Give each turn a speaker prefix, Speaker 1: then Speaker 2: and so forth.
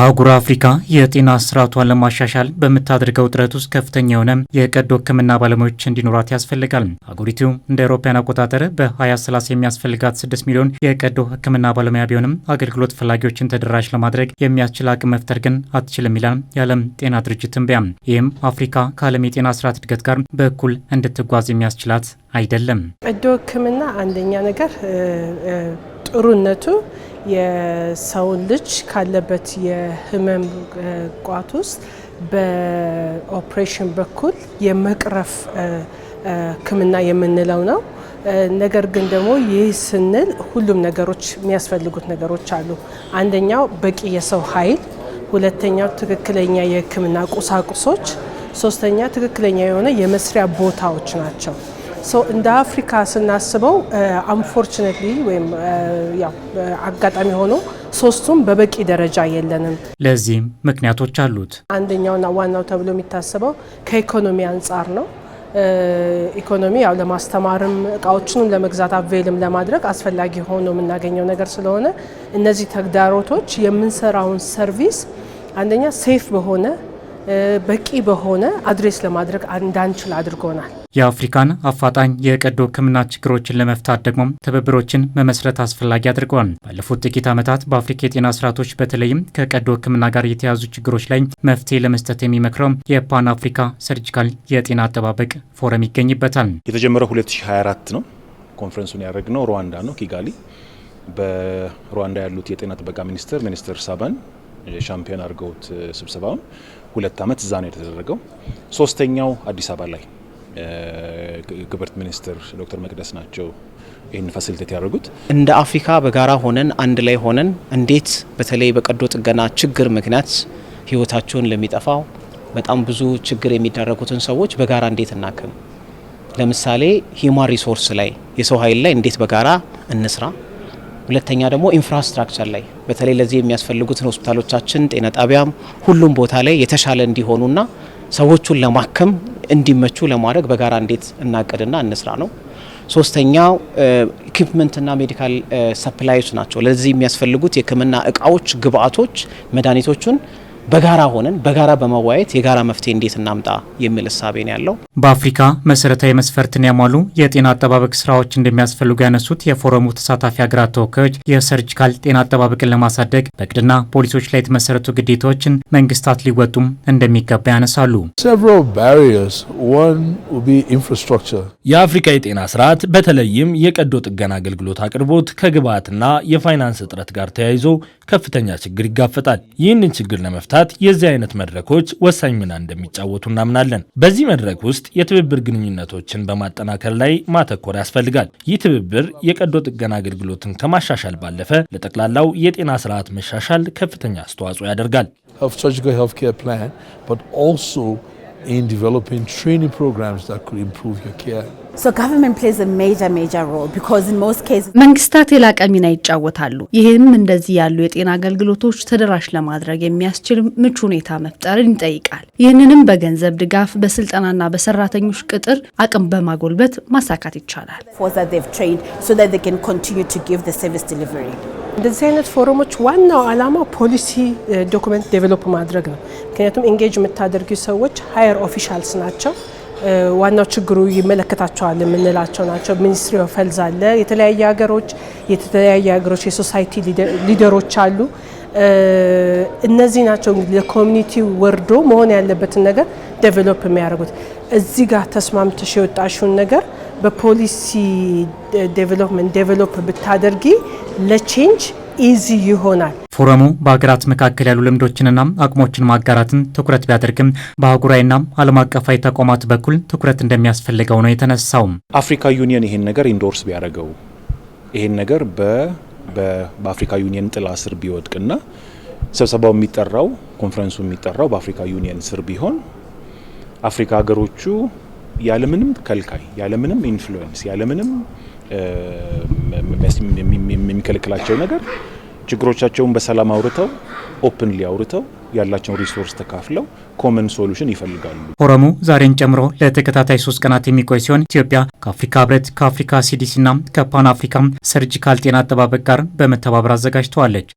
Speaker 1: አህጉር አፍሪካ የጤና ስርዓቷን ለማሻሻል በምታደርገው ጥረት ውስጥ ከፍተኛ የሆነ የቀዶ ሕክምና ባለሙያዎች እንዲኖራት ያስፈልጋል። አህጉሪቱ እንደ አውሮፓውያን አቆጣጠር በ2030 የሚያስፈልጋት 6 ሚሊዮን የቀዶ ሕክምና ባለሙያ ቢሆንም አገልግሎት ፈላጊዎችን ተደራሽ ለማድረግ የሚያስችል አቅም መፍጠር ግን አትችልም ይላል የዓለም ጤና ድርጅት ትንበያ። ይህም አፍሪካ ከዓለም የጤና ስርዓት እድገት ጋር በእኩል እንድትጓዝ የሚያስችላት አይደለም።
Speaker 2: ቀዶ ሕክምና አንደኛ ነገር ጥሩነቱ የሰውን ልጅ ካለበት የህመም ቋት ውስጥ በኦፕሬሽን በኩል የመቅረፍ ህክምና የምንለው ነው። ነገር ግን ደግሞ ይህ ስንል ሁሉም ነገሮች የሚያስፈልጉት ነገሮች አሉ። አንደኛው በቂ የሰው ኃይል፣ ሁለተኛው ትክክለኛ የህክምና ቁሳቁሶች፣ ሶስተኛ ትክክለኛ የሆነ የመስሪያ ቦታዎች ናቸው። እንደ አፍሪካ ስናስበው አንፎርችኔትሊ ወይም አጋጣሚ ሆኖ ሶስቱም በበቂ ደረጃ የለንም።
Speaker 1: ለዚህም ምክንያቶች አሉት።
Speaker 2: አንደኛውና ዋናው ተብሎ የሚታሰበው ከኢኮኖሚ አንጻር ነው። ኢኮኖሚ ያው ለማስተማርም እቃዎችንም ለመግዛት አቬልም ለማድረግ አስፈላጊ ሆኖ የምናገኘው ነገር ስለሆነ እነዚህ ተግዳሮቶች የምንሰራውን ሰርቪስ አንደኛ ሴፍ በሆነ በቂ በሆነ አድሬስ ለማድረግ እንዳንችል አድርጎናል።
Speaker 1: የአፍሪካን አፋጣኝ የቀዶ ሕክምና ችግሮችን ለመፍታት ደግሞ ትብብሮችን መመስረት አስፈላጊ አድርገዋል። ባለፉት ጥቂት ዓመታት በአፍሪካ የጤና ስርዓቶች በተለይም ከቀዶ ሕክምና ጋር የተያዙ ችግሮች ላይ መፍትሄ ለመስጠት የሚመክረው የፓን አፍሪካ ሰርጂካል የጤና አጠባበቅ ፎረም ይገኝበታል።
Speaker 3: የተጀመረው 2024 ነው። ኮንፈረንሱን ያደረግነው ሩዋንዳ ነው፣ ኪጋሊ። በሩዋንዳ ያሉት የጤና ጥበቃ ሚኒስትር ሚኒስትር ሳባን ሻምፒዮን አድርገውት ስብሰባውን ሁለት ዓመት እዛ ነው የተደረገው። ሶስተኛው አዲስ አበባ ላይ ክብርት ሚኒስትር ዶክተር መቅደስ ናቸው ይህን ፋሲሊቴት ያደርጉት።
Speaker 4: እንደ አፍሪካ በጋራ ሆነን አንድ ላይ ሆነን እንዴት በተለይ በቀዶ ጥገና ችግር ምክንያት ህይወታቸውን ለሚጠፋው በጣም ብዙ ችግር የሚዳረጉትን ሰዎች በጋራ እንዴት እናክም፣ ለምሳሌ ሂማን ሪሶርስ ላይ የሰው ኃይል ላይ እንዴት በጋራ እንስራ። ሁለተኛ ደግሞ ኢንፍራስትራክቸር ላይ በተለይ ለዚህ የሚያስፈልጉትን ሆስፒታሎቻችን፣ ጤና ጣቢያም ሁሉም ቦታ ላይ የተሻለ እንዲሆኑና ሰዎቹን ለማከም እንዲመቹ ለማድረግ በጋራ እንዴት እናቅድና እንስራ ነው። ሶስተኛው ኢኩፕመንትና ሜዲካል ሰፕላዮች ናቸው። ለዚህ የሚያስፈልጉት የህክምና እቃዎች፣ ግብአቶች፣ መድኃኒቶቹን በጋራ ሆነን በጋራ በመወያየት የጋራ መፍትሄ እንዴት እናምጣ የሚል እሳቤ ነው ያለው።
Speaker 1: በአፍሪካ መሰረታዊ መስፈርትን ያሟሉ የጤና አጠባበቅ ስራዎች እንደሚያስፈልጉ ያነሱት የፎረሙ ተሳታፊ ሀገራት ተወካዮች የሰርጂካል ጤና አጠባበቅን ለማሳደግ በቅድና ፖሊሶች ላይ የተመሰረቱ ግዴታዎችን መንግስታት ሊወጡም እንደሚገባ ያነሳሉ። የአፍሪካ የጤና ስርዓት በተለይም የቀዶ ጥገና አገልግሎት አቅርቦት ከግብዓትና የፋይናንስ እጥረት ጋር ተያይዞ ከፍተኛ ችግር ይጋፈጣል። ይህንን ችግር ለመፍታት ለማንሳት የዚህ አይነት መድረኮች ወሳኝ ሚና እንደሚጫወቱ እናምናለን። በዚህ መድረክ ውስጥ የትብብር ግንኙነቶችን በማጠናከር ላይ ማተኮር ያስፈልጋል። ይህ ትብብር የቀዶ ጥገና አገልግሎትን ከማሻሻል ባለፈ ለጠቅላላው የጤና ስርዓት መሻሻል ከፍተኛ አስተዋጽኦ ያደርጋል። ፕላን መንግስታት የላቀ ሚና ይጫወታሉ። ይህም እንደዚህ ያሉ የጤና አገልግሎቶች ተደራሽ ለማድረግ የሚያስችል ምቹ ሁኔታ መፍጠርን ይጠይቃል። ይህንንም በገንዘብ ድጋፍ፣ በስልጠናና በሰራተኞች ቅጥር አቅም በማጎልበት ማሳካት ይቻላል።
Speaker 2: እንደዚህ አይነት ፎረሞች ዋናው ዓላማ ፖሊሲ ዶክመንት ዴቨሎፕ ማድረግ ነው። ምክንያቱም ኢንጌጅ የምታደርጊ ሰዎች ሀየር ኦፊሻልስ ናቸው። ዋናው ችግሩ ይመለከታቸዋል የምንላቸው ናቸው። ሚኒስትሪ ኦፍ ሄልዝ አለ። የተለያየ ሀገሮች የተለያየ ሀገሮች የሶሳይቲ ሊደሮች አሉ። እነዚህ ናቸው እንግዲህ ለኮሚኒቲ ወርዶ መሆን ያለበትን ነገር ዴቨሎፕ የሚያደርጉት። እዚህ ጋር ተስማምተሽ የወጣሽውን ነገር በፖሊሲ ዴቨሎፕመንት ዴቨሎፕ ብታደርጊ ለቼንጅ ኢዚ ይሆናል።
Speaker 1: ፎረሙ በሀገራት መካከል ያሉ ልምዶችንና አቅሞችን ማጋራትን ትኩረት ቢያደርግም በአህጉራዊና ዓለም አቀፋዊ ተቋማት በኩል ትኩረት እንደሚያስፈልገው ነው የተነሳው።
Speaker 3: አፍሪካ ዩኒየን ይሄን ነገር ኢንዶርስ ቢያደርገው ይሄን ነገር በአፍሪካ ዩኒየን ጥላ ስር ቢወድቅና ስብሰባው የሚጠራው ኮንፈረንሱ የሚጠራው በአፍሪካ ዩኒየን ስር ቢሆን አፍሪካ ሀገሮቹ ያለምንም ከልካይ ያለምንም ኢንፍሉዌንስ ያለምንም የሚከለክላቸው ነገር ችግሮቻቸውን በሰላም አውርተው ኦፕንሊ አውርተው ያላቸውን ሪሶርስ ተካፍለው ኮመን ሶሉሽን ይፈልጋሉ።
Speaker 1: ፎረሙ ዛሬን ጨምሮ ለተከታታይ ሶስት ቀናት የሚቆይ ሲሆን ኢትዮጵያ ከአፍሪካ ህብረት፣ ከአፍሪካ እና ከፓን አፍሪካ ሰርጂካል ጤና አጠባበቅ ጋር በመተባበር አዘጋጅተዋለች።